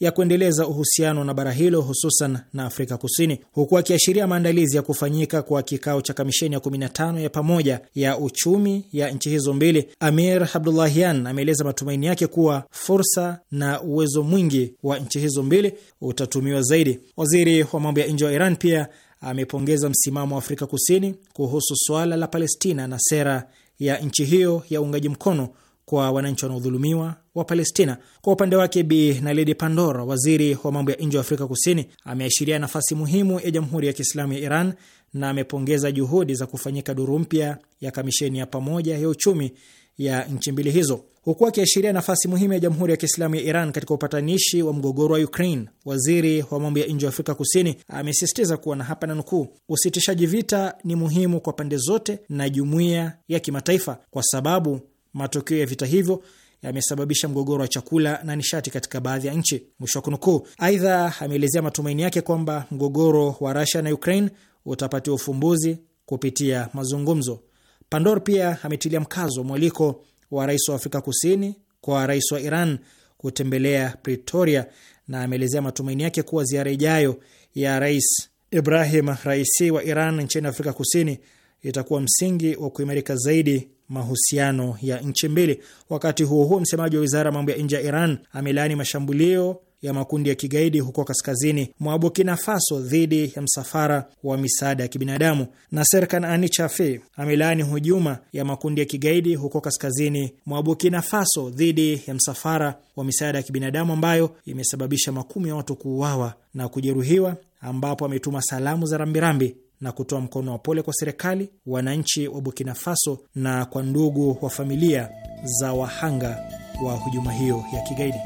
ya kuendeleza uhusiano na bara hilo hususan na Afrika Kusini, huku akiashiria maandalizi ya kufanyika kwa kikao cha kamisheni ya 15 ya pamoja ya uchumi ya nchi hizo mbili. Amir Abdullahian ameeleza matumaini yake kuwa fursa na uwezo mwingi wa nchi hizo mbili utatumiwa zaidi. Waziri wa mambo ya nje wa Iran pia amepongeza msimamo wa Afrika Kusini kuhusu suala la Palestina na sera ya nchi hiyo ya uungaji mkono kwa wananchi wanaodhulumiwa wa Palestina. Kwa upande wake, Bi Naledi Pandor, waziri wa mambo ya nje wa Afrika Kusini, ameashiria nafasi muhimu ya Jamhuri ya Kiislamu ya Iran na amepongeza juhudi za kufanyika duru mpya ya kamisheni ya pamoja ya uchumi ya nchi mbili hizo, huku akiashiria nafasi muhimu ya Jamhuri ya Kiislamu ya Iran katika upatanishi wa mgogoro wa Ukraine. Waziri wa mambo ya nje wa Afrika Kusini amesisitiza kuwa, na hapa na nukuu, usitishaji vita ni muhimu kwa pande zote na jumuiya ya kimataifa, kwa sababu matokeo ya vita hivyo yamesababisha mgogoro wa chakula na nishati katika baadhi ya nchi, mwisho wa kunukuu. Aidha, ameelezea matumaini yake kwamba mgogoro wa rusia na Ukraine utapatiwa ufumbuzi kupitia mazungumzo. Pandor pia ametilia mkazo mwaliko wa rais wa Afrika Kusini kwa rais wa Iran kutembelea Pretoria na ameelezea matumaini yake kuwa ziara ijayo ya rais Ibrahim Raisi wa Iran nchini Afrika Kusini itakuwa msingi wa kuimarika zaidi mahusiano ya nchi mbili. Wakati huo huo, msemaji wa wizara ya mambo ya nje ya Iran amelaani mashambulio ya makundi ya kigaidi huko kaskazini mwa Burkina Faso dhidi ya msafara wa misaada ya kibinadamu. Na Serkan Ani amelaani hujuma ya makundi ya kigaidi huko kaskazini mwa Burkina Faso dhidi ya msafara wa misaada ya kibinadamu ambayo imesababisha makumi ya watu kuuawa na kujeruhiwa, ambapo ametuma salamu za rambirambi na kutoa mkono wa pole kwa serikali, wananchi wa Burkina Faso na kwa ndugu wa familia za wahanga wa hujuma hiyo ya kigaidi.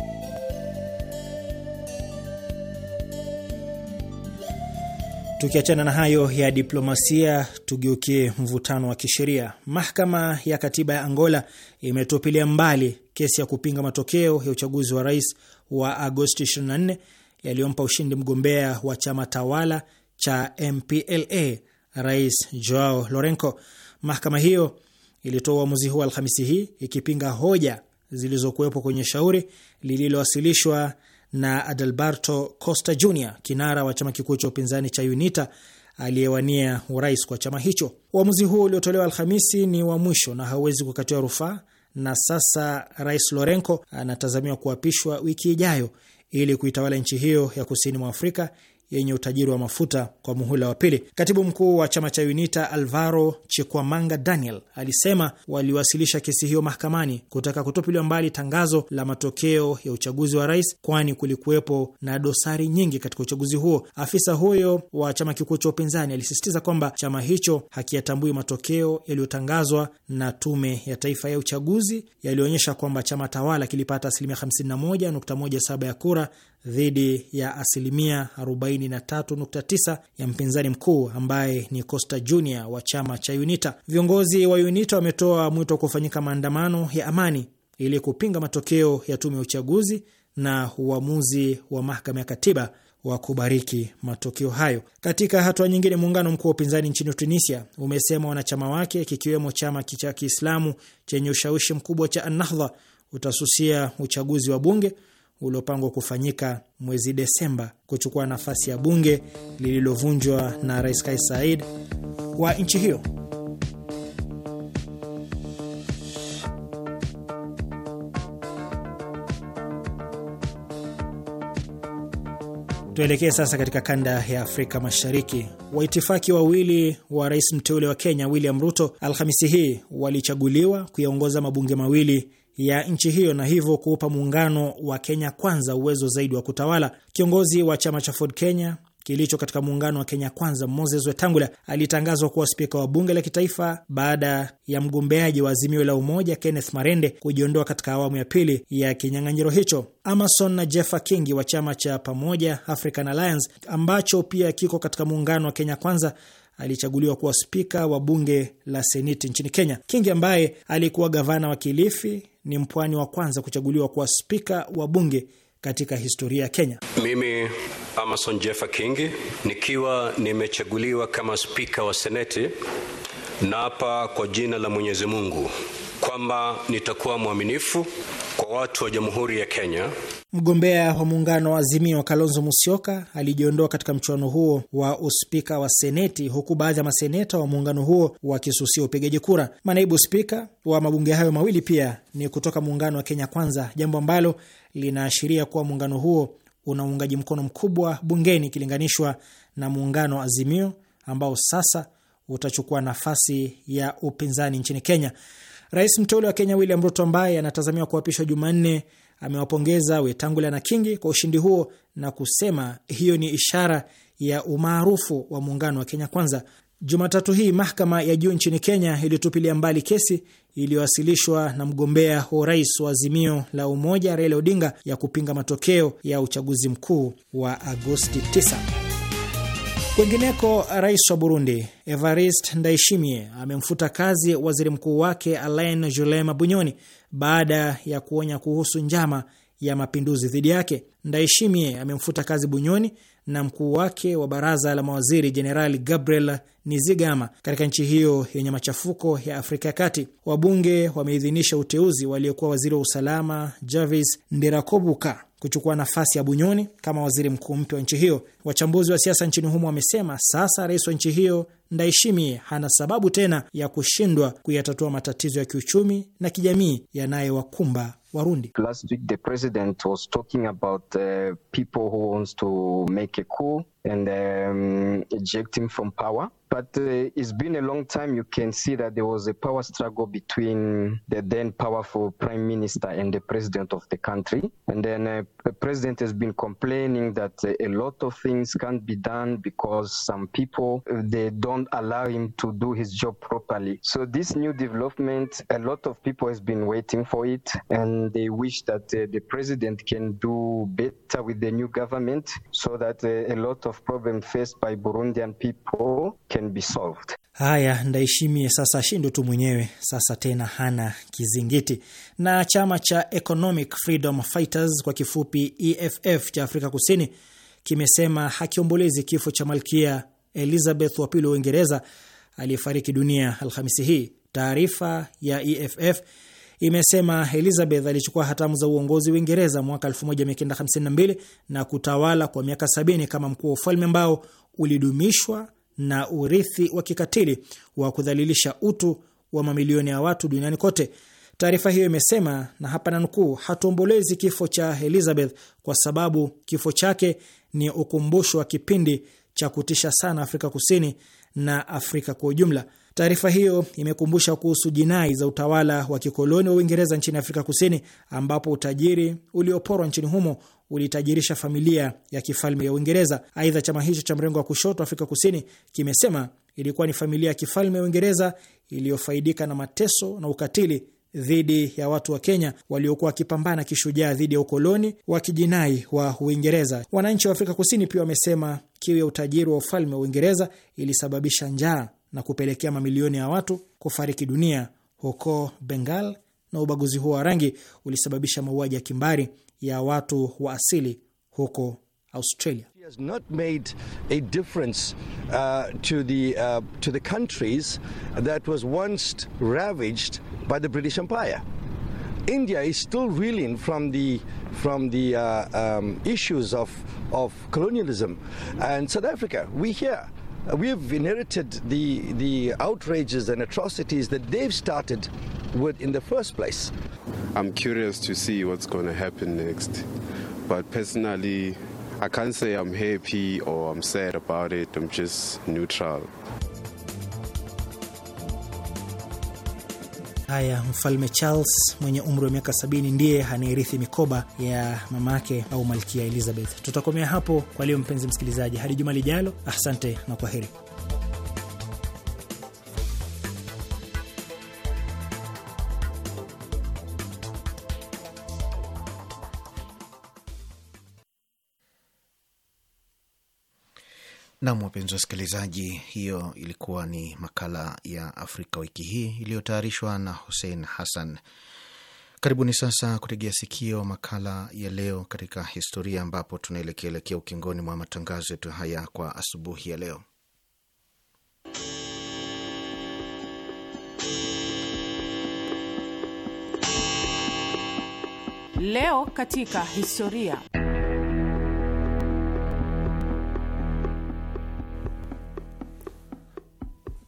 Tukiachana na hayo ya diplomasia, tugeukie mvutano wa kisheria. Mahakama ya Katiba ya Angola imetupilia mbali kesi ya kupinga matokeo ya uchaguzi wa rais wa Agosti 24 yaliyompa ushindi mgombea wa chama tawala cha MPLA Rais Joao Lorenco. Mahakama hiyo ilitoa uamuzi huo Alhamisi hii ikipinga hoja zilizokuwepo kwenye shauri lililowasilishwa na Adalberto Costa Jr, kinara wa chama kikuu cha upinzani cha UNITA aliyewania urais kwa chama hicho. Uamuzi huo uliotolewa Alhamisi ni wa mwisho na hauwezi kukatiwa rufaa, na sasa Rais Lorenco anatazamiwa kuapishwa wiki ijayo ili kuitawala nchi hiyo ya kusini mwa Afrika yenye utajiri wa mafuta kwa muhula wa pili. Katibu mkuu wa chama cha UNITA Alvaro Chikwamanga Daniel alisema waliwasilisha kesi hiyo mahakamani kutaka kutupiliwa mbali tangazo la matokeo ya uchaguzi wa rais, kwani kulikuwepo na dosari nyingi katika uchaguzi huo. Afisa huyo wa chama kikuu cha upinzani alisisitiza kwamba chama hicho hakiyatambui matokeo yaliyotangazwa na Tume ya Taifa ya Uchaguzi yaliyoonyesha kwamba chama tawala kilipata asilimia 51.17 ya kura dhidi ya asilimia 43.9 ya mpinzani mkuu ambaye ni Costa Junior wa chama cha UNITA. Viongozi wa UNITA wametoa mwito wa kufanyika maandamano ya amani ili kupinga matokeo ya tume ya uchaguzi na uamuzi wa mahakama ya katiba wa kubariki matokeo hayo. Katika hatua nyingine, muungano mkuu wa upinzani nchini Tunisia umesema wanachama wake kikiwemo chama cha Kiislamu chenye ushawishi mkubwa cha Annahdha utasusia uchaguzi wa bunge uliopangwa kufanyika mwezi Desemba kuchukua nafasi ya bunge lililovunjwa na Rais Kais Saied wa nchi hiyo. Tuelekee sasa katika kanda ya Afrika Mashariki. Waitifaki wawili wa rais mteule wa Kenya William Ruto Alhamisi hii walichaguliwa kuyaongoza mabunge mawili ya nchi hiyo na hivyo kuupa muungano wa Kenya Kwanza uwezo zaidi wa kutawala. Kiongozi wa chama cha Ford Kenya kilicho katika muungano wa Kenya Kwanza, Moses Wetangula alitangazwa kuwa spika wa bunge la kitaifa baada ya mgombeaji wa Azimio la Umoja Kenneth Marende kujiondoa katika awamu ya pili ya kinyang'anyiro hicho. Amason na Jeffa Kingi wa chama cha Pamoja African Alliance ambacho pia kiko katika muungano wa Kenya Kwanza alichaguliwa kuwa spika wa bunge la seneti nchini Kenya. Kingi ambaye alikuwa gavana wa Kilifi ni mpwani wa kwanza kuchaguliwa kuwa spika wa bunge katika historia ya Kenya. Mimi Amason Jeffa Kingi nikiwa nimechaguliwa kama spika wa seneti, naapa kwa jina la Mwenyezi Mungu kwamba nitakuwa mwaminifu watu wa Jamhuri ya Kenya. Mgombea wa muungano wa Azimio Kalonzo Musyoka alijiondoa katika mchuano huo wa uspika wa Seneti, huku baadhi ya maseneta wa muungano huo wakisusia upigaji kura. Manaibu spika wa mabunge hayo mawili pia ni kutoka muungano wa Kenya Kwanza, jambo ambalo linaashiria kuwa muungano huo una uungaji mkono mkubwa bungeni ikilinganishwa na muungano wa Azimio ambao sasa utachukua nafasi ya upinzani nchini Kenya. Rais mteule wa Kenya William Ruto ambaye anatazamiwa kuapishwa Jumanne amewapongeza Wetangula na Kingi kwa ushindi huo na kusema hiyo ni ishara ya umaarufu wa muungano wa Kenya Kwanza. Jumatatu hii mahakama ya juu nchini Kenya ilitupilia mbali kesi iliyowasilishwa na mgombea wa urais wa Azimio la Umoja Raila Odinga ya kupinga matokeo ya uchaguzi mkuu wa Agosti 9. Kwengineko, rais wa Burundi evarist ndaishimie amemfuta kazi waziri mkuu wake Alain Julema Bunyoni baada ya kuonya kuhusu njama ya mapinduzi dhidi yake. ndaishimie amemfuta kazi Bunyoni na mkuu wake wa baraza la mawaziri Jenerali Gabriel Nizigama katika nchi hiyo yenye machafuko ya Afrika ya Kati. Wabunge wameidhinisha uteuzi waliokuwa waziri wa usalama Jarvis Nderakobuka kuchukua nafasi ya Bunyoni kama waziri mkuu mpya wa nchi hiyo. Wachambuzi wa siasa nchini humo wamesema sasa rais wa nchi hiyo Ndaishimie hana sababu tena ya kushindwa kuyatatua matatizo ya kiuchumi na kijamii yanayowakumba Warundi. Last week, the president was talking about uh, people who wants to make a coup and um, eject him from power. But uh, it's been a long time. You can see that there was a power struggle between the then powerful prime minister and the president of the country. And then uh, the president has been complaining that uh, a lot of things can't be done because some people uh, they don't allow him to do his job properly. So this new development, a lot of people has been waiting for it, and they wish that uh, the president can do better with the new government so that uh, a lot of problems faced by Burundian people level can be solved. Haya, Ndaishimie sasa shindo tu mwenyewe, sasa tena hana kizingiti. Na chama cha Economic Freedom Fighters kwa kifupi EFF cha Afrika Kusini kimesema hakiombolezi kifo cha malkia Elizabeth wa pili wa Uingereza aliyefariki dunia Alhamisi hii. Taarifa ya EFF imesema Elizabeth alichukua hatamu za uongozi wa Uingereza mwaka 1952 na kutawala kwa miaka 70 kama mkuu wa ufalme ambao ulidumishwa na urithi wa kikatili wa kudhalilisha utu wa mamilioni ya watu duniani kote. Taarifa hiyo imesema, na hapa na nukuu, hatuombolezi kifo cha Elizabeth kwa sababu kifo chake ni ukumbusho wa kipindi cha kutisha sana Afrika Kusini na Afrika kwa ujumla. Taarifa hiyo imekumbusha kuhusu jinai za utawala wa kikoloni wa Uingereza nchini Afrika Kusini, ambapo utajiri ulioporwa nchini humo ulitajirisha familia ya kifalme ya Uingereza. Aidha, chama hicho cha mrengo wa kushoto Afrika Kusini kimesema ilikuwa ni familia ya kifalme ya Uingereza iliyofaidika na mateso na ukatili dhidi ya watu wa Kenya waliokuwa wakipambana kishujaa dhidi ya ukoloni wa kijinai wa Uingereza. Wananchi wa Afrika Kusini pia wamesema kiu ya utajiri wa ufalme wa Uingereza ilisababisha njaa na kupelekea mamilioni ya watu kufariki dunia huko Bengal, na ubaguzi huo wa rangi ulisababisha mauaji ya kimbari ya watu wa asili huko Australia. India is still reeling from the, from the uh, um, issues of, of colonialism and South Africa we here Uh, We've inherited the, the outrages and atrocities that they've started with in the first place. I'm curious to see what's going to happen next. But personally, I can't say I'm happy or I'm sad about it. I'm just neutral. Haya, Mfalme Charles mwenye umri wa miaka sabini ndiye anayerithi mikoba ya mamake au malkia Elizabeth. Tutakomea hapo kwa leo, mpenzi msikilizaji, hadi juma lijalo. Asante na kwa heri Nam, wapenzi wasikilizaji, hiyo ilikuwa ni makala ya Afrika wiki hii iliyotayarishwa na Hussein Hassan. Karibuni sasa kutegea sikio makala ya leo katika historia, ambapo tunaelekeelekea ukingoni mwa matangazo yetu haya kwa asubuhi ya leo. Leo katika historia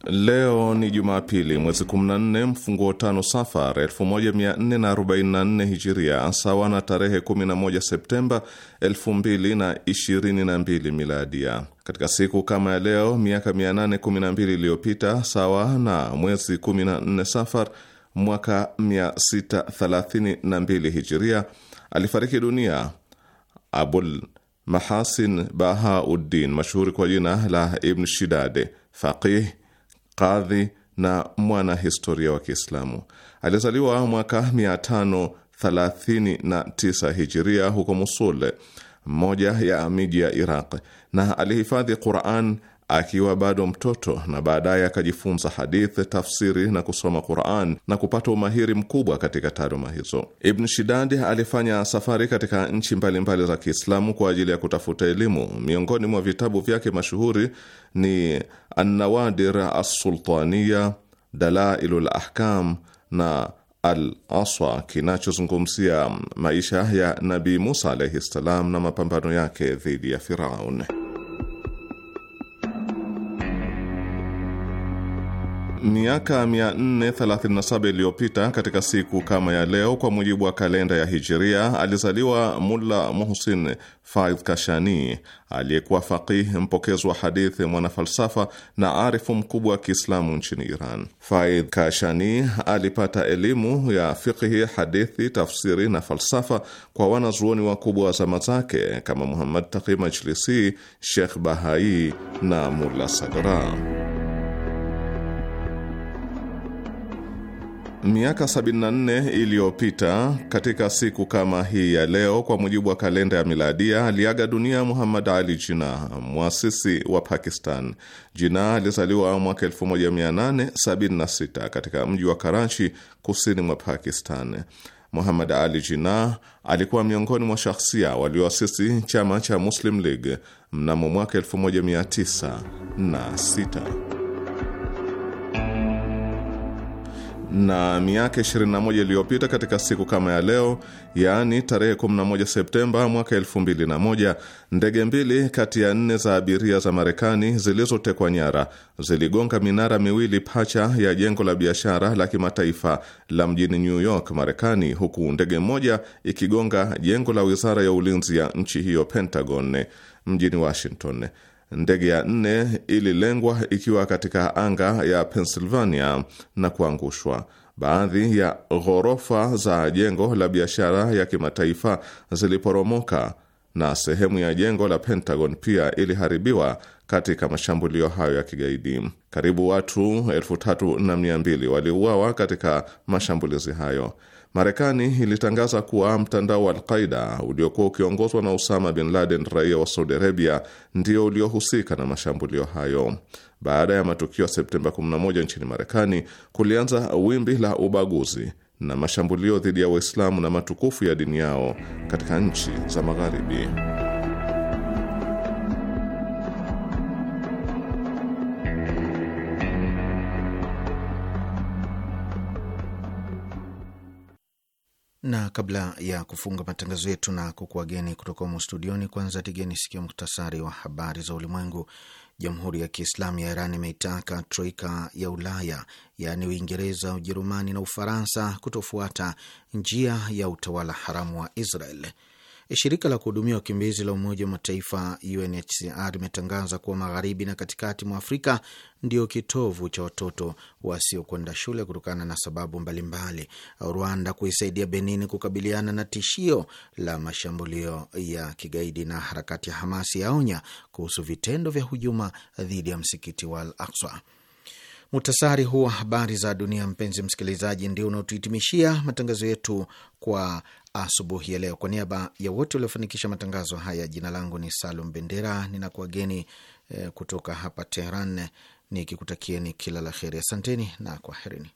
Leo ni Jumapili, mwezi 14 mfunguo tano Safar 1444 Hijiria, sawa na tarehe 11 Septemba 2022 Miladia. Katika siku kama ya leo miaka 812 iliyopita, sawa na mwezi 14 Safar mwaka 632 Hijiria, alifariki dunia Abul Mahasin Bahauddin, mashuhuri kwa jina la Ibn Shidade, faqih kadhi na mwanahistoria wa Kiislamu. Alizaliwa mwaka 539 hijiria huko Musul, mmoja ya miji ya Iraq, na alihifadhi Quran akiwa bado mtoto na baadaye akajifunza hadithi, tafsiri na kusoma Quran na kupata umahiri mkubwa katika taaluma hizo. Ibn Shidadi alifanya safari katika nchi mbalimbali za Kiislamu kwa ajili ya kutafuta elimu. Miongoni mwa vitabu vyake mashuhuri ni Annawadir Assultaniya, Dalailul Ahkam na Al Aswa kinachozungumzia maisha ya Nabii Musa alaihi ssalam na mapambano yake dhidi ya Firaun. miaka 437 iliyopita katika siku kama ya leo, kwa mujibu wa kalenda ya Hijiria, alizaliwa Mulla Muhsin Faidh Kashani aliyekuwa faqih mpokezi wa hadithi, mwanafalsafa na arifu mkubwa wa Kiislamu nchini Iran. Faidh Kashani alipata elimu ya fiqhi, hadithi, tafsiri na falsafa kwa wanazuoni wakubwa wa zama zake kama Muhammad Taqi Majlisi, Sheikh Bahai na Mulla Sadra. Miaka 74 iliyopita katika siku kama hii ya leo, kwa mujibu wa kalenda ya miladia, aliaga dunia Muhammad Ali Jinnah, mwasisi wa Pakistan. Jinnah alizaliwa mwaka 1876 katika mji wa Karachi, kusini mwa Pakistan. Muhammad Ali Jinnah alikuwa miongoni mwa shakhsia walioasisi chama cha Muslim League mnamo mwaka 1906. na miaka 21 iliyopita katika siku kama ya leo, yaani tarehe 11 Septemba mwaka 2001, ndege mbili kati ya nne za abiria za Marekani zilizotekwa nyara ziligonga minara miwili pacha ya jengo la biashara la kimataifa la mjini New York, Marekani, huku ndege moja ikigonga jengo la wizara ya ulinzi ya nchi hiyo, Pentagon, mjini Washington. Ndege ya nne ililengwa ikiwa katika anga ya Pennsylvania na kuangushwa. Baadhi ya ghorofa za jengo la biashara ya kimataifa ziliporomoka na sehemu ya jengo la Pentagon pia iliharibiwa katika mashambulio hayo ya kigaidi. Karibu watu elfu tatu na mia mbili waliuawa katika mashambulizi hayo. Marekani ilitangaza kuwa mtandao wa Alqaida uliokuwa ukiongozwa na Usama bin Laden, raia wa Saudi Arabia, ndio uliohusika na mashambulio hayo. Baada ya matukio ya Septemba 11 nchini Marekani, kulianza wimbi la ubaguzi na mashambulio dhidi ya Waislamu na matukufu ya dini yao katika nchi za Magharibi. na kabla ya kufunga matangazo yetu na kukuwageni kutoka humo studioni, kwanza tigeni sikio muktasari wa habari za ulimwengu. Jamhuri ya Kiislamu ya Iran imeitaka troika ya Ulaya yaani Uingereza, Ujerumani na Ufaransa kutofuata njia ya utawala haramu wa Israel. E, shirika la kuhudumia wakimbizi la Umoja wa Mataifa UNHCR limetangaza kuwa magharibi na katikati mwa Afrika ndio kitovu cha watoto wasiokwenda shule kutokana na sababu mbalimbali mbali. Rwanda kuisaidia Benin kukabiliana na tishio la mashambulio ya kigaidi na harakati ya Hamasi yaonya kuhusu vitendo vya hujuma dhidi ya msikiti wa Al Aqsa. Muhtasari huu wa habari za dunia, mpenzi msikilizaji, ndio unaotuhitimishia matangazo yetu kwa asubuhi ya leo. Kwa niaba ya wote waliofanikisha matangazo haya, jina langu ni Salum Bendera, ninakuwageni eh, kutoka hapa Tehran nikikutakieni kila la heri. Asanteni na kwaherini.